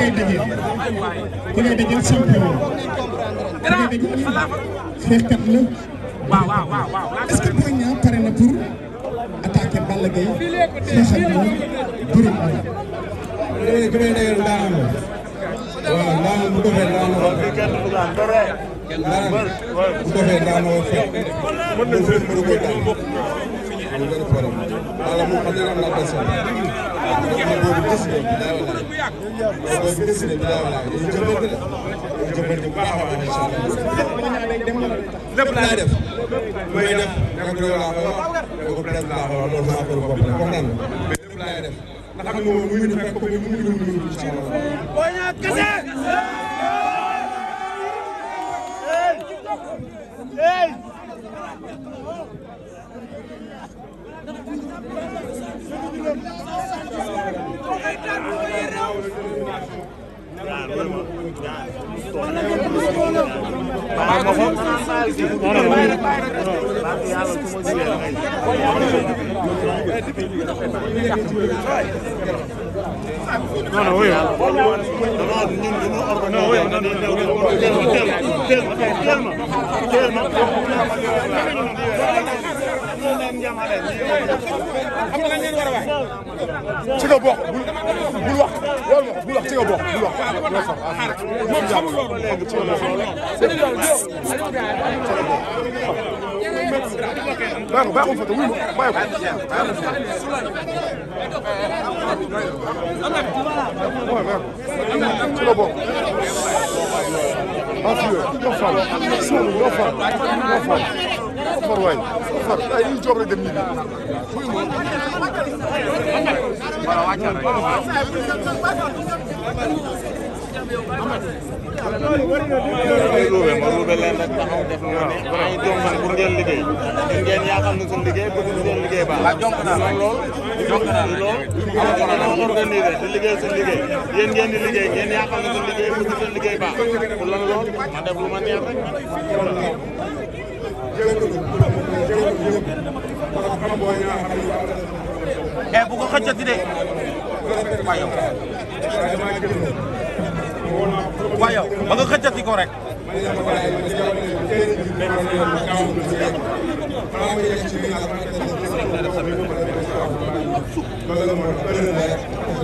ngay dajeel da ngay dajeel champion da ngay dajeel xeexkat la. waaw waaw waaw est-ce que Boy Niang pare na pour attaquer Balla Gaye moom bëri na. léegi gën a dajeel daanu la waaw daanu bu wala moom xam ne am naa personne boobu gis na bilaay walaay boobu gis na bilaay walaay dañu jëmbante la dañu jëmbante bu baax a baax incha allah lépp laay def may def rek loolu laa koy wax da ko peut-être laa koy wax loolu sama affaire bopp la comprendre mais lépp laay def ndax xam nga moom mu ngi fekk ko mu ngi dund incha allah non non oui. damaa ñun dañoo organiser dañuy dem teel teel teel ma teel ma. ci nga bokk bul bul wax loolu moom bul wax ci nga bokk bul wax loolu sax moom xamul loolu moom ci nga bokk baaxul fa te wuy ma bàyyi ko ci nga bokk Afiyo, no fun, no fun, no fun, no fun, no fun, ay ñu job rek dem ñibbi fuy mo wala waccal ruube ma ruube leen rek taxaw def nga ne ay jonkan pour ngeen liggéey ngeen yaakaar na suñu liggéey bëgg ngeen liggéey baax la jonk na lool jonk na lool alxuraan dafa organisé di liggéey suñu liggéey yéen ngeen di liggéey ngeen yaakaar na suñu liggéey bëgg ngeen liggéey baax pour lan lool ma def lu ma neex rek jëf ji de waa yow waa yow ba nga xëccati ko rek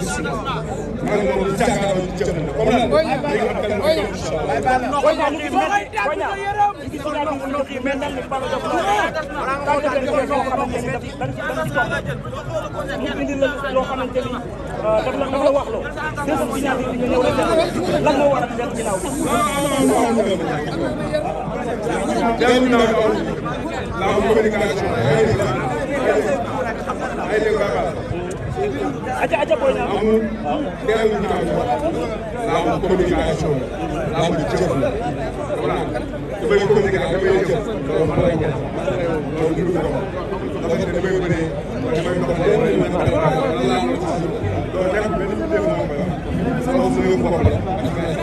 la communication amul teewlu ñu naan laamu communication laamu jëf la voilà damay communiquer damay jëf loolu man lay ñaan loolu du ko dafa ne damay bëree damay dox damay mën a dara laa ma ci loolu nag benn bi def naa ko la loolu suñu bopp la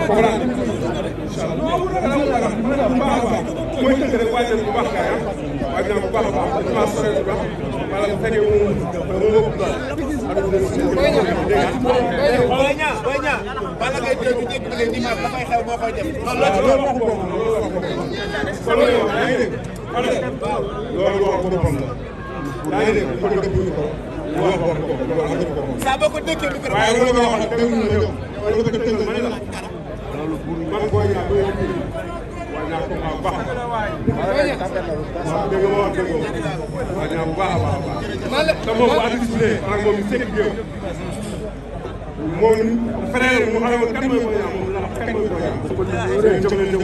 comprendre incha allah bu baax a baax mooy tënk rek waaye bu baax kaay ah waaye dinaa bu baax a baax loolu pour man booy ñaar bu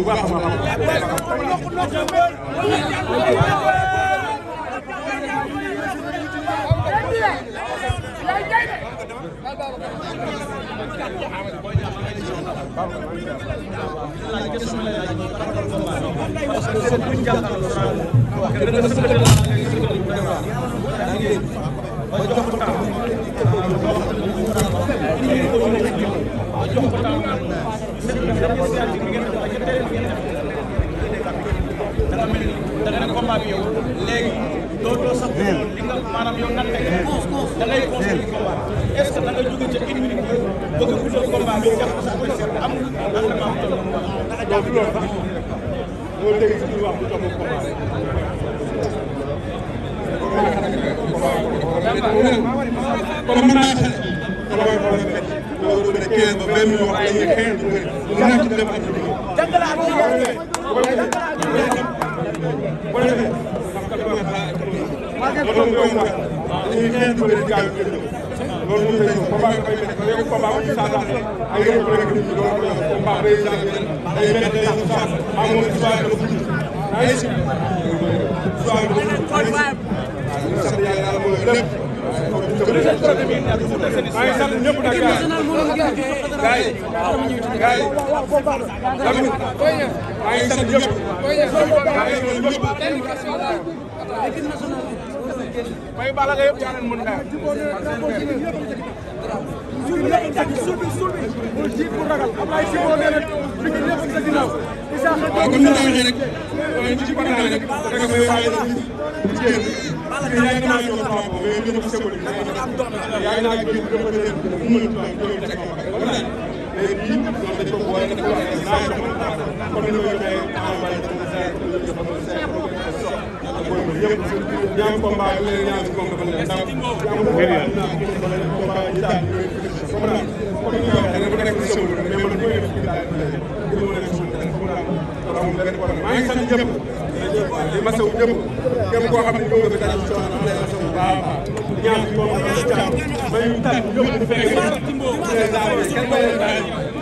baax a baax léegi doo doo sax li nga maanaam yow nan la da ngay conseillé est-ce que da nga jóge ca une minute bëgg a guddal combat bi jàpp sa adversaire am rendement bu toll noonu da nga ah, loolu sax loolu dégg si wax bu topp combat comme mën naa xale damay xool fekk loolu ba kee ba benn yoo xam ne xeex du bëri lu nekk dem ak lu jàngalaat bu ko defee bu ko defee bu ko defee parce que dama xaar dañuy xeex du bëri gaaw loolu ñu tey combat bi day métti léegi combat bu ci saa tax ay yëngu rek loolu combat day day métti ndax sax am moom histoire dafa gudd ay histoire dafa gudd waaw ñu sant yàlla yàlla mooy lépp maa ngi sant ñëpp nag gars yi gars yi Lamine maa ngi sant ñëpp maa ngi sant ñëpp may Balla Gaye yëpp yaa leen mën naa. suul bi yëpp a suul bi suul bi. bul jiit bu ragal Ablaye si boo nee na bi ñu ñëpp sa ginnaaw. waaw comme ni nga waxee rek. ci ci partenaire rek. dëgg may waaye nag jigéen ñi. yaa ngi naa jox papa mais ñu ko seconde. yaa ngi naa jox dama leen mën a teg ma pare. wala léegi ñun dañ ko boole dañ ko waxee naa jox ma papa. kon dañ koy joxe ñëpp ñaari combat yi ñu ñaari combat dafa nekk ndax ñaari combat yi daal comme nag comme ñu waxee da nga nekk si sëñ bi mais man bu ñu def daal di leen nekk suñu def comme daal dafa amul benn problème maa ngi sant ñëpp di masawu ñëpp képp koo xam ne ñëw nga dara ci coono am lay masawu baax ñaari combat yi daal ma ñu tànn ñëpp bu fekkee kenn ba leen bàyyi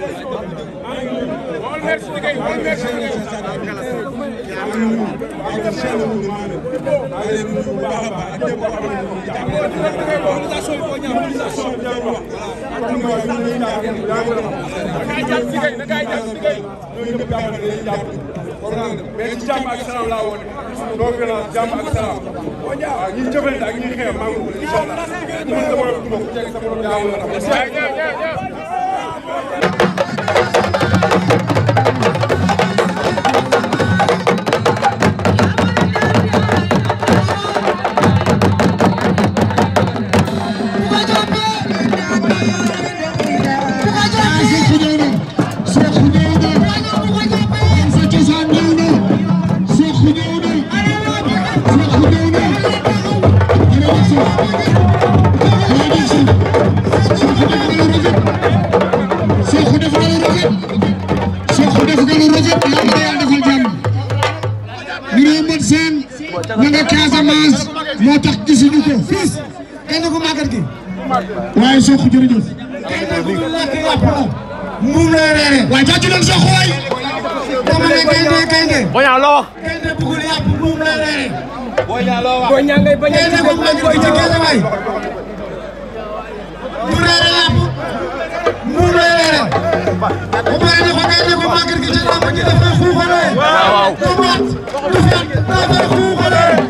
mais ci jàmm ak salaam laa woon non violence jàmm ak salaam waaw ñi jëfandikoo ak ñi xeex maa ngi incha allah man sama mbokk sama jaamu la seen ña nga Casamance moo tax gisuñu ko fils kenn ko màggat gi waaye Sokh jërëjëf kenn ko lakk yàpp la mbuum lay reere waaye tàccu leen Sokh waay dama ne gaynde gaynde boña loo wax gaynde bugul yàpp mbuum lay reere boña loo wax boña ngay bañ a ko màggat ci Casamance bu reere yàpp Oumar dafa ngay ne ko màggal gi ci làmb ji dafay xuuxalee. waaw waaw.